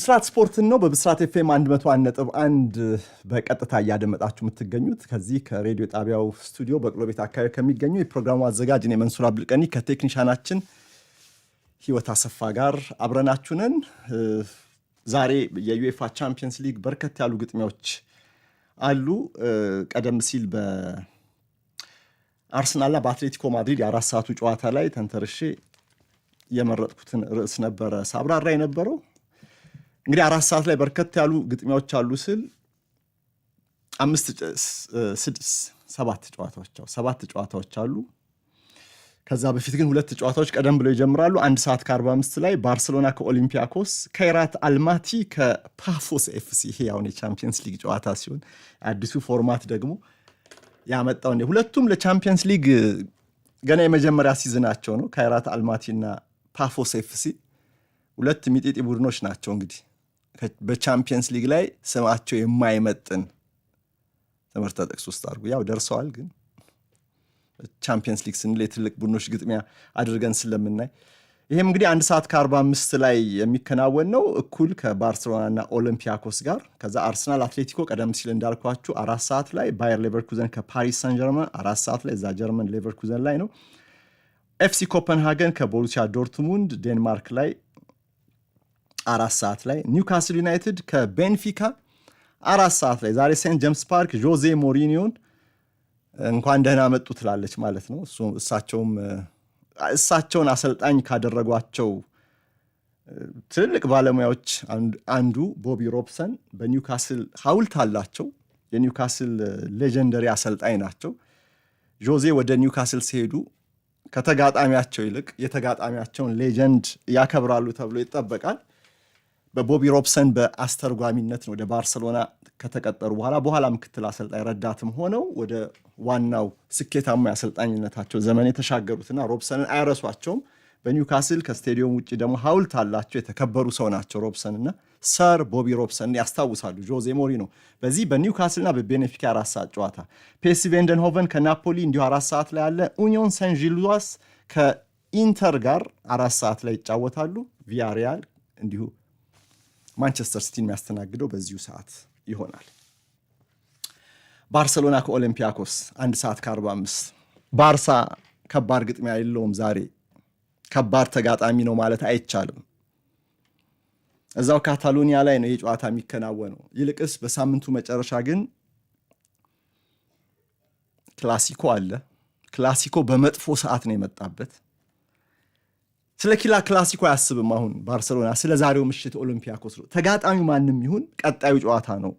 ብስራት ስፖርትን ነው። በብስራት ኤፍኤም 101 በቀጥታ እያደመጣችሁ የምትገኙት ከዚህ ከሬዲዮ ጣቢያው ስቱዲዮ በቅሎ ቤት አካባቢ ከሚገኙ የፕሮግራሙ አዘጋጅ እኔ መንሱር አብልቀኒ ከቴክኒሻናችን ህይወት አሰፋ ጋር አብረናችሁ ዛሬ የዩኤፋ ቻምፒየንስ ሊግ በርከት ያሉ ግጥሚያዎች አሉ። ቀደም ሲል በአርሰናልና በአትሌቲኮ ማድሪድ የአራት ሰዓቱ ጨዋታ ላይ ተንተርሼ የመረጥኩትን ርዕስ ነበረ ሳብራራ የነበረው እንግዲህ አራት ሰዓት ላይ በርከት ያሉ ግጥሚያዎች አሉ ስል አምስት ሰባት ጨዋታዎች ሰባት ጨዋታዎች አሉ። ከዛ በፊት ግን ሁለት ጨዋታዎች ቀደም ብለው ይጀምራሉ። አንድ ሰዓት ከ45 ላይ ባርሴሎና ከኦሊምፒያኮስ፣ ከይራት አልማቲ ከፓፎስ ኤፍሲ። ይሄ ያሁን የቻምፒየንስ ሊግ ጨዋታ ሲሆን አዲሱ ፎርማት ደግሞ ያመጣው እንደ ሁለቱም ለቻምፒየንስ ሊግ ገና የመጀመሪያ ሲዝናቸው ነው። ከይራት አልማቲ እና ፓፎስ ኤፍሲ ሁለት ሚጢጢ ቡድኖች ናቸው እንግዲህ በቻምፒየንስ ሊግ ላይ ስማቸው የማይመጥን ትምህርተ ጥቅስ ውስጥ አድርጉ። ያው ደርሰዋል፣ ግን ቻምፒየንስ ሊግ ስንል የትልቅ ቡድኖች ግጥሚያ አድርገን ስለምናይ ይህም እንግዲህ አንድ ሰዓት ከአርባ አምስት ላይ የሚከናወን ነው እኩል ከባርሴሎናና ኦሎምፒያኮስ ጋር። ከዛ አርሰናል አትሌቲኮ ቀደም ሲል እንዳልኳችሁ አራት ሰዓት ላይ፣ ባየር ሌቨርኩዘን ከፓሪስ ሳን ጀርመን አራት ሰዓት ላይ እዛ ጀርመን ሌቨርኩዘን ላይ ነው። ኤፍሲ ኮፐንሃገን ከቦሩሲያ ዶርትሙንድ ዴንማርክ ላይ አራት ሰዓት ላይ ኒውካስል ዩናይትድ ከቤንፊካ አራት ሰዓት ላይ ዛሬ ሴንት ጀምስ ፓርክ ጆዜ ሞሪኒዮን እንኳን ደህና መጡ ትላለች ማለት ነው። እሳቸውም እሳቸውን አሰልጣኝ ካደረጓቸው ትልልቅ ባለሙያዎች አንዱ ቦቢ ሮብሰን በኒውካስል ሀውልት አላቸው። የኒውካስል ሌጀንደሪ አሰልጣኝ ናቸው። ጆዜ ወደ ኒውካስል ሲሄዱ ከተጋጣሚያቸው ይልቅ የተጋጣሚያቸውን ሌጀንድ ያከብራሉ ተብሎ ይጠበቃል። በቦቢ ሮብሰን በአስተርጓሚነት ነው ወደ ባርሰሎና ከተቀጠሩ በኋላ በኋላ ምክትል አሰልጣኝ ረዳትም ሆነው ወደ ዋናው ስኬታማ የአሰልጣኝነታቸው ዘመን የተሻገሩትና ሮብሰንን አይረሷቸውም። በኒውካስል ከስቴዲየም ውጭ ደግሞ ሐውልት አላቸው። የተከበሩ ሰው ናቸው ሮብሰንና ሰር ቦቢ ሮብሰን ያስታውሳሉ ጆዜ ነው በዚህ በኒውካስልና በቤኔፊካ አራት ሰዓት ጨዋታ ፔሲ ቬንደንሆቨን ከናፖሊ እንዲሁ አራት ሰዓት ላይ አለ። ኡኒዮን ሰን ዥልዋስ ከኢንተር ጋር አራት ሰዓት ላይ ይጫወታሉ። ቪያሪያል እንዲሁ ማንቸስተር ሲቲ የሚያስተናግደው በዚሁ ሰዓት ይሆናል። ባርሰሎና ከኦሎምፒያኮስ አንድ ሰዓት ከ45 ባርሳ ከባድ ግጥሚያ የለውም ዛሬ ከባድ ተጋጣሚ ነው ማለት አይቻልም። እዛው ካታሎኒያ ላይ ነው የጨዋታ የሚከናወነው። ይልቅስ በሳምንቱ መጨረሻ ግን ክላሲኮ አለ። ክላሲኮ በመጥፎ ሰዓት ነው የመጣበት። ስለ ኪላ ክላሲኮ አያስብም። አሁን ባርሰሎና ስለ ዛሬው ምሽት ኦሎምፒያኮስ ነው። ተጋጣሚው ማንም ይሁን ቀጣዩ ጨዋታ ነው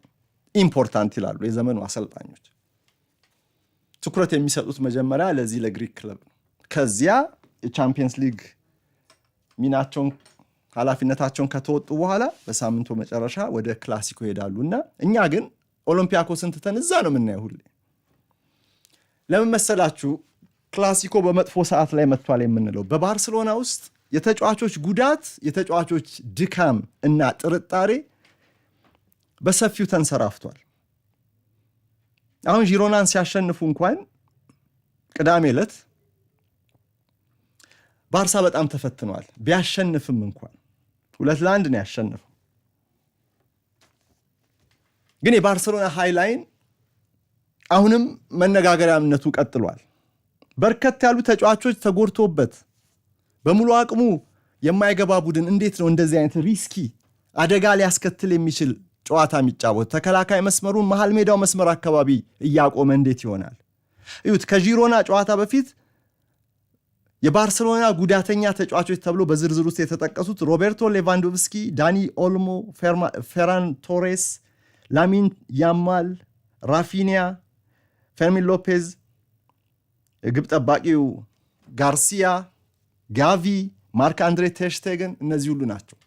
ኢምፖርታንት ይላሉ የዘመኑ አሰልጣኞች። ትኩረት የሚሰጡት መጀመሪያ ለዚህ ለግሪክ ክለብ ነው። ከዚያ የቻምፒየንስ ሊግ ሚናቸውን ኃላፊነታቸውን ከተወጡ በኋላ በሳምንቱ መጨረሻ ወደ ክላሲኮ ይሄዳሉ እና እኛ ግን ኦሎምፒያኮስን ትተን እዛ ነው የምናየው ሁሌ። ለምን መሰላችሁ? ክላሲኮ በመጥፎ ሰዓት ላይ መጥቷል የምንለው በባርሰሎና ውስጥ የተጫዋቾች ጉዳት፣ የተጫዋቾች ድካም እና ጥርጣሬ በሰፊው ተንሰራፍቷል። አሁን ዢሮናን ሲያሸንፉ እንኳን ቅዳሜ ዕለት ባርሳ በጣም ተፈትኗል። ቢያሸንፍም እንኳን ሁለት ለአንድ ነው ያሸንፈው። ግን የባርሰሎና ሃይላይን አሁንም መነጋገሪያነቱ ቀጥሏል። በርከት ያሉ ተጫዋቾች ተጎድቶበት በሙሉ አቅሙ የማይገባ ቡድን እንዴት ነው እንደዚህ አይነት ሪስኪ አደጋ ሊያስከትል የሚችል ጨዋታ የሚጫወት? ተከላካይ መስመሩን መሀል ሜዳው መስመር አካባቢ እያቆመ እንዴት ይሆናል? እዩት። ከዢሮና ጨዋታ በፊት የባርሴሎና ጉዳተኛ ተጫዋቾች ተብሎ በዝርዝር ውስጥ የተጠቀሱት ሮቤርቶ ሌቫንዶቭስኪ፣ ዳኒ ኦልሞ፣ ፌራን ቶሬስ፣ ላሚን ያማል፣ ራፊኒያ፣ ፌርሚን ሎፔዝ፣ ግብ ጠባቂው ጋርሲያ ጋቪ፣ ማርክ አንድሬ ተርሽቴገን እነዚህ ሁሉ ናቸው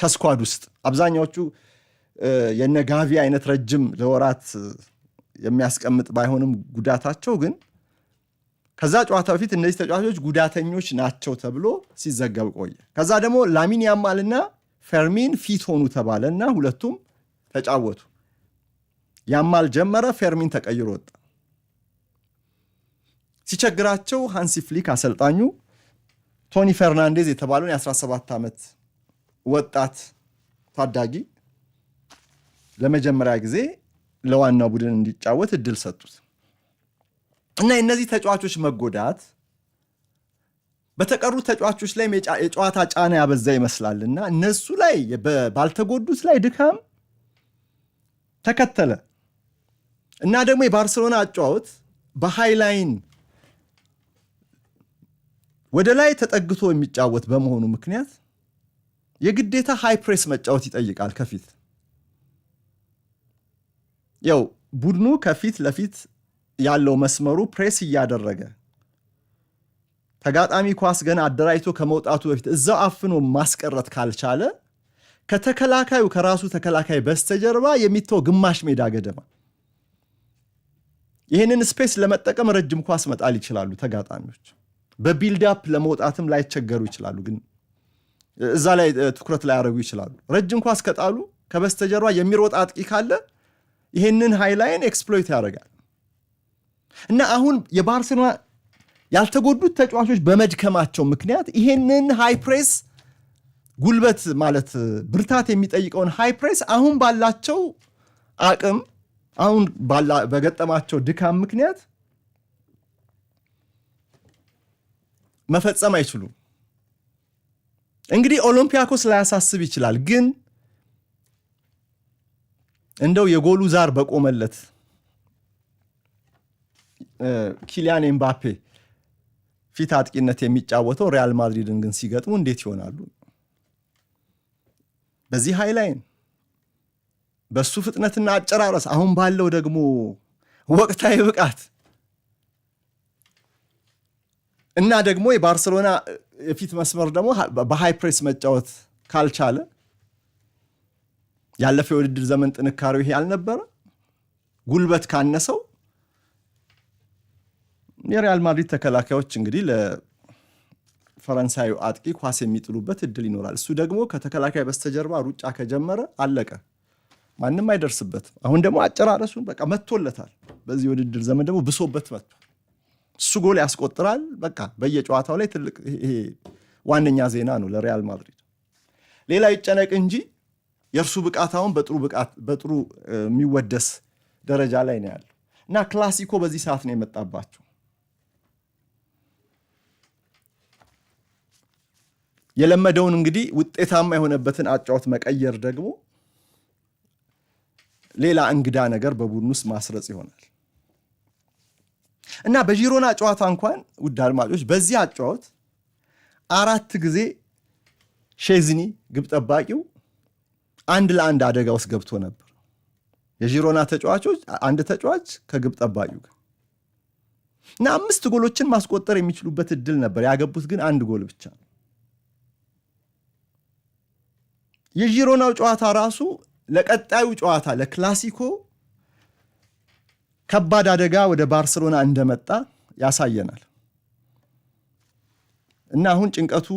ከስኳድ ውስጥ አብዛኛዎቹ የነ ጋቪ አይነት ረጅም ለወራት የሚያስቀምጥ ባይሆንም ጉዳታቸው ግን ከዛ ጨዋታ በፊት እነዚህ ተጫዋቾች ጉዳተኞች ናቸው ተብሎ ሲዘገብ ቆየ። ከዛ ደግሞ ላሚን ያማልና ፌርሚን ፊት ሆኑ ተባለ እና ሁለቱም ተጫወቱ። ያማል ጀመረ፣ ፌርሚን ተቀይሮ ወጣ። ሲቸግራቸው ሃንሲ ፍሊክ አሰልጣኙ ቶኒ ፈርናንዴዝ የተባለውን የ17 ዓመት ወጣት ታዳጊ ለመጀመሪያ ጊዜ ለዋናው ቡድን እንዲጫወት እድል ሰጡት እና የእነዚህ ተጫዋቾች መጎዳት በተቀሩት ተጫዋቾች ላይ የጨዋታ ጫና ያበዛ ይመስላል እና እነሱ ላይ ባልተጎዱት ላይ ድካም ተከተለ እና ደግሞ የባርሰሎና አጫወት በሃይላይን ወደ ላይ ተጠግቶ የሚጫወት በመሆኑ ምክንያት የግዴታ ሃይ ፕሬስ መጫወት ይጠይቃል። ከፊት ያው ቡድኑ ከፊት ለፊት ያለው መስመሩ ፕሬስ እያደረገ ተጋጣሚ ኳስ ገና አደራጅቶ ከመውጣቱ በፊት እዛው አፍኖ ማስቀረት ካልቻለ ከተከላካዩ ከራሱ ተከላካይ በስተጀርባ የሚተው ግማሽ ሜዳ ገደማ ይህንን ስፔስ ለመጠቀም ረጅም ኳስ መጣል ይችላሉ ተጋጣሚዎች። በቢልዳፕ ለመውጣትም ላይቸገሩ ይችላሉ። ግን እዛ ላይ ትኩረት ላያደርጉ ይችላሉ። ረጅም ኳስ ከጣሉ ከበስተጀርባ የሚሮጥ አጥቂ ካለ ይህንን ሃይላይን ኤክስፕሎይት ያደርጋል እና አሁን የባርሴሎና ያልተጎዱት ተጫዋቾች በመድከማቸው ምክንያት ይህንን ሃይ ፕሬስ ጉልበት ማለት ብርታት የሚጠይቀውን ሃይ ፕሬስ አሁን ባላቸው አቅም አሁን በገጠማቸው ድካም ምክንያት መፈጸም አይችሉም። እንግዲህ ኦሎምፒያኮስ ላያሳስብ ይችላል፣ ግን እንደው የጎሉ ዛር በቆመለት ኪሊያን ኤምባፔ ፊት አጥቂነት የሚጫወተው ሪያል ማድሪድን ግን ሲገጥሙ እንዴት ይሆናሉ? በዚህ ሃይላይን በሱ ፍጥነትና አጨራረስ አሁን ባለው ደግሞ ወቅታዊ ብቃት እና ደግሞ የባርሰሎና የፊት መስመር ደግሞ በሃይ ፕሬስ መጫወት ካልቻለ ያለፈው የውድድር ዘመን ጥንካሬው ይሄ አልነበረ። ጉልበት ካነሰው የሪያል ማድሪድ ተከላካዮች እንግዲህ ለፈረንሳዩ አጥቂ ኳስ የሚጥሉበት እድል ይኖራል። እሱ ደግሞ ከተከላካይ በስተጀርባ ሩጫ ከጀመረ አለቀ፣ ማንም አይደርስበትም። አሁን ደግሞ አጨራረሱን በቃ መጥቶለታል። በዚህ የውድድር ዘመን ደግሞ ብሶበት መጥቷል። እሱ ጎል ያስቆጥራል። በቃ በየጨዋታው ላይ ትልቅ ዋነኛ ዜና ነው ለሪያል ማድሪድ። ሌላ ይጨነቅ እንጂ የእርሱ ብቃት አሁን በጥሩ የሚወደስ ደረጃ ላይ ነው ያለው እና ክላሲኮ በዚህ ሰዓት ነው የመጣባቸው። የለመደውን እንግዲህ ውጤታማ የሆነበትን አጫወት መቀየር ደግሞ ሌላ እንግዳ ነገር በቡድን ውስጥ ማስረጽ ይሆናል። እና በጂሮና ጨዋታ እንኳን ውድ አድማጮች በዚህ አጫወት አራት ጊዜ ሼዝኒ ግብ ጠባቂው አንድ ለአንድ አደጋ ውስጥ ገብቶ ነበር። የጂሮና ተጫዋቾች አንድ ተጫዋች ከግብ ጠባቂው ጋር እና አምስት ጎሎችን ማስቆጠር የሚችሉበት እድል ነበር። ያገቡት ግን አንድ ጎል ብቻ ነው። የጂሮናው ጨዋታ ራሱ ለቀጣዩ ጨዋታ ለክላሲኮ ከባድ አደጋ ወደ ባርሰሎና እንደመጣ ያሳየናል። እና አሁን ጭንቀቱ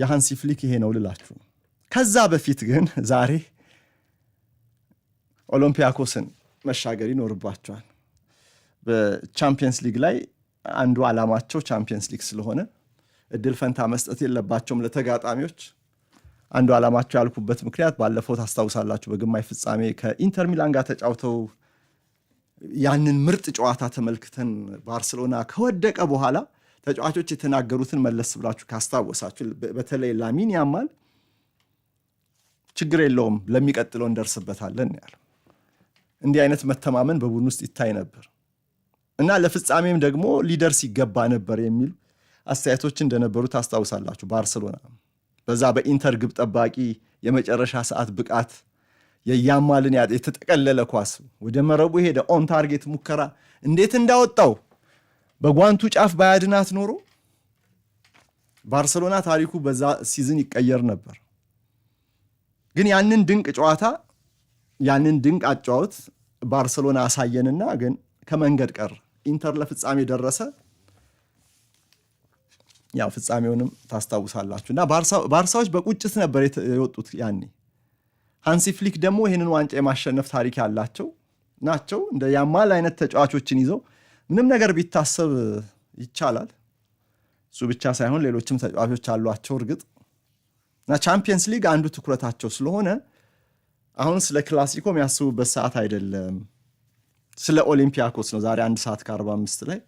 የሃንሲ ፍሊክ ይሄ ነው ልላችሁ። ከዛ በፊት ግን ዛሬ ኦሎምፒያኮስን መሻገር ይኖርባቸዋል። በቻምፒየንስ ሊግ ላይ አንዱ ዓላማቸው ቻምፒየንስ ሊግ ስለሆነ እድል ፈንታ መስጠት የለባቸውም ለተጋጣሚዎች። አንዱ ዓላማቸው ያልኩበት ምክንያት ባለፈው ታስታውሳላችሁ፣ በግማሽ ፍጻሜ ከኢንተር ሚላን ጋር ተጫውተው ያንን ምርጥ ጨዋታ ተመልክተን ባርሰሎና ከወደቀ በኋላ ተጫዋቾች የተናገሩትን መለስ ብላችሁ ካስታወሳችሁ በተለይ ላሚን ያማል ችግር የለውም ለሚቀጥለው እንደርስበታለን ያለ እንዲህ አይነት መተማመን በቡድን ውስጥ ይታይ ነበር እና ለፍጻሜም ደግሞ ሊደርስ ይገባ ነበር የሚሉ አስተያየቶች እንደነበሩ ታስታውሳላችሁ። ባርሰሎና በዛ በኢንተር ግብ ጠባቂ የመጨረሻ ሰዓት ብቃት የያማልን የተጠቀለለ ኳስ ወደ መረቡ ሄደ። ኦን ታርጌት ሙከራ እንዴት እንዳወጣው በጓንቱ ጫፍ ባያድናት ኖሮ ባርሰሎና ታሪኩ በዛ ሲዝን ይቀየር ነበር። ግን ያንን ድንቅ ጨዋታ ያንን ድንቅ አጫወት ባርሰሎና አሳየንና ግን ከመንገድ ቀር ኢንተር ለፍጻሜ ደረሰ። ያው ፍጻሜውንም ታስታውሳላችሁ እና ባርሳዎች በቁጭት ነበር የወጡት ያኔ ሃንሲ ፍሊክ ደግሞ ይህንን ዋንጫ የማሸነፍ ታሪክ ያላቸው ናቸው። እንደ ያማል አይነት ተጫዋቾችን ይዘው ምንም ነገር ቢታሰብ ይቻላል። እሱ ብቻ ሳይሆን ሌሎችም ተጫዋቾች አሏቸው እርግጥ እና ቻምፒየንስ ሊግ አንዱ ትኩረታቸው ስለሆነ አሁን ስለ ክላሲኮ የሚያስቡበት ሰዓት አይደለም። ስለ ኦሊምፒያኮስ ነው። ዛሬ አንድ ሰዓት ከአርባ አምስት ላይ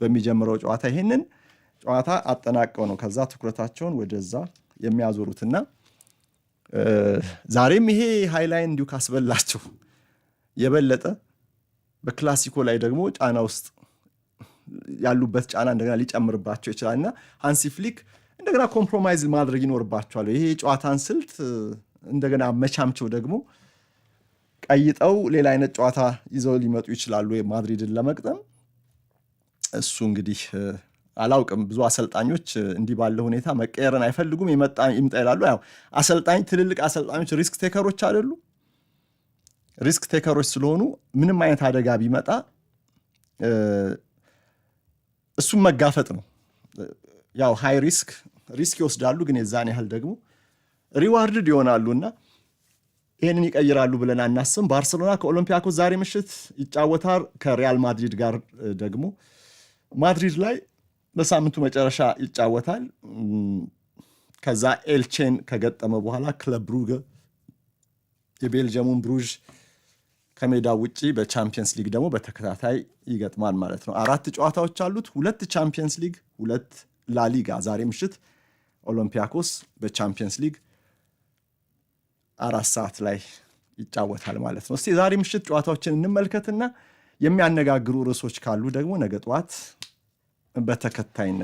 በሚጀምረው ጨዋታ ይህንን ጨዋታ አጠናቀው ነው ከዛ ትኩረታቸውን ወደዛ የሚያዞሩትና ዛሬም ይሄ ሃይላይን እንዲሁ ካስበላቸው የበለጠ በክላሲኮ ላይ ደግሞ ጫና ውስጥ ያሉበት ጫና እንደገና ሊጨምርባቸው ይችላል እና ሃንሲ ፍሊክ እንደገና ኮምፕሮማይዝ ማድረግ ይኖርባቸዋል። ይሄ የጨዋታን ስልት እንደገና መቻምቸው ደግሞ ቀይጠው ሌላ አይነት ጨዋታ ይዘው ሊመጡ ይችላሉ ማድሪድን ለመቅጠም እሱ እንግዲህ አላውቅም ብዙ አሰልጣኞች እንዲህ ባለ ሁኔታ መቀየርን አይፈልጉም። ይመጣ ይምጣ ይላሉ። ያው አሰልጣኝ ትልልቅ አሰልጣኞች ሪስክ ቴከሮች አይደሉ። ሪስክ ቴከሮች ስለሆኑ ምንም አይነት አደጋ ቢመጣ እሱም መጋፈጥ ነው። ያው ሃይ ሪስክ ሪስክ ይወስዳሉ፣ ግን የዛን ያህል ደግሞ ሪዋርድድ ይሆናሉ እና ይህንን ይቀይራሉ ብለን አናስብም። ባርሰሎና ከኦሎምፒያኮስ ዛሬ ምሽት ይጫወታል ከሪያል ማድሪድ ጋር ደግሞ ማድሪድ ላይ በሳምንቱ መጨረሻ ይጫወታል። ከዛ ኤልቼን ከገጠመ በኋላ ክለብ ብሩግ የቤልጅየሙን ብሩዥ ከሜዳ ውጭ በቻምፒየንስ ሊግ ደግሞ በተከታታይ ይገጥማል ማለት ነው። አራት ጨዋታዎች አሉት፣ ሁለት ቻምፒየንስ ሊግ፣ ሁለት ላሊጋ። ዛሬ ምሽት ኦሎምፒያኮስ በቻምፒየንስ ሊግ አራት ሰዓት ላይ ይጫወታል ማለት ነው። እስቲ ዛሬ ምሽት ጨዋታዎችን እንመልከትና የሚያነጋግሩ ርዕሶች ካሉ ደግሞ ነገ ጠዋት በተከታይነት